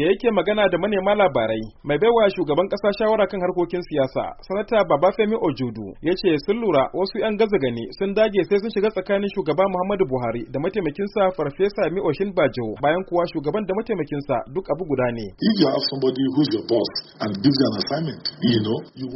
da yake magana da manema labarai mai baiwa shugaban kasa shawara kan harkokin siyasa sanata babafemi ojudu ya ce sun lura wasu 'yan gaza sun dage sai sun shiga tsakanin shugaba muhammadu buhari da mataimakinsa farfesa mi oshin bajo bayan kuwa shugaban da mataimakinsa duk abu guda ne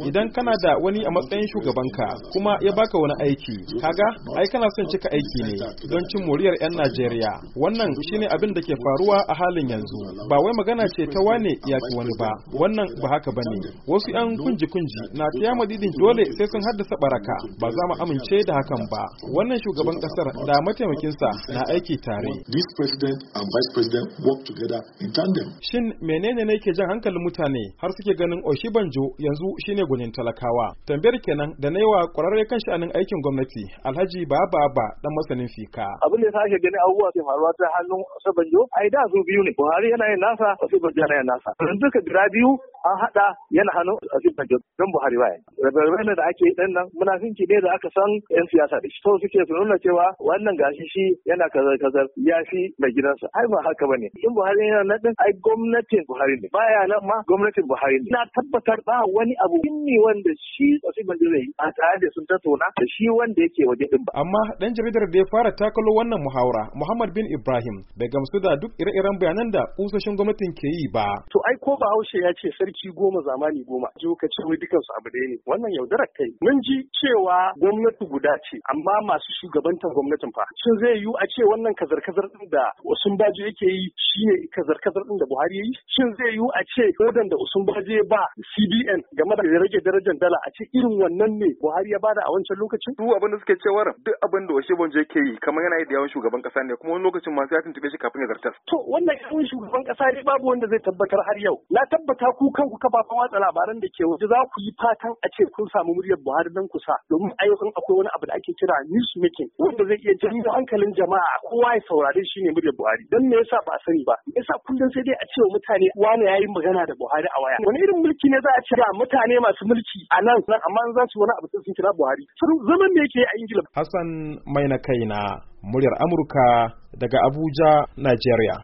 idan kana da wani a matsayin shugabanka kuma ya baka wani aiki kaga ai kana son cika aiki ne don cin moriyar 'yan najeriya wannan shine abin da ke faruwa a halin yanzu ba wai magana magana ce ta wane ya ci wani ba wannan ba haka ba ne wasu yan kunji kunji na ta madidin dole sai sun haddasa baraka ba za mu amince da hakan ba wannan shugaban kasar da mataimakinsa na aiki tare this president and vice president work together shin menene ne ke jan hankalin mutane har suke ganin oshi banjo yanzu shine gunin talakawa tambayar kenan da na yi wa kwararre kan sha'anin aikin gwamnati Alhaji Baba ba dan masanin fika abin da ya sake ganin abubuwa ke faruwa ta hannun Oshibanjo ai da su biyu ne Buhari yana yin nasa kwafi bajanar nasa yanzu ka guda biyu an haɗa yana hannun a Banjo don Buhari baya. rabe da ake ɗan nan munafinci ne da aka san 'yan siyasa da shi. To suke su nuna cewa wannan gashi shi yana kazar-kazar ya fi mai gidansa. Ai ba haka ba ne. In Buhari yana nan ɗin ai gwamnatin Buhari ne. Baya nan ma gwamnatin Buhari ne. Na tabbatar ba wani abu ne wanda shi Azim Banjo zai a tare da sun tattauna da shi wanda yake waje ɗin ba. Amma ɗan jaridar da ya fara takalo wannan muhawara Muhammad bin Ibrahim bai gamsu da duk ire-iren bayanan da kusoshin gwamnatin ke yi ba. To ai ko haushe ya ce sarki lokaci goma zamani goma ji ka ce wai dukansu abu ɗaya ne wannan yaudarar kai mun ji cewa gwamnati guda ce amma masu shugabantar gwamnatin fa shin zai yiwu a ce wannan kazar-kazar ɗin da Usman Baji yake yi shine kazar-kazar ɗin da Buhari yayi shin zai yiwu a ce kodan da Usman Baji ba CBN game da rage darajar dala a ce irin wannan ne Buhari ya bada a wancan lokacin duk abin da suke cewar duk abin da bonje yake yi kamar yana yi da yawan shugaban kasa ne kuma wani lokacin masu ya tuntube shi kafin ya zartar to wannan yawan shugaban kasa ne babu wanda zai tabbatar har yau na tabbata ku Ku kafafan watsa labaran da ke waje za ku yi fatan a ce kun samu muryar Buhari nan kusa domin ayyukan akwai wani abu da ake kira news making wanda zai iya janyo hankalin jama'a kowa ya saurare shi ne muryar Buhari dan me yasa ba a sani ba me yasa kullun sai dai a ce wa mutane wani yayi magana da Buhari a waya wani irin mulki ne za a ce ga mutane masu mulki a nan nan amma za su wani abu sun kira Buhari zaman me yake a Ingila Hassan mai na kaina muryar Amurka daga Abuja Nigeria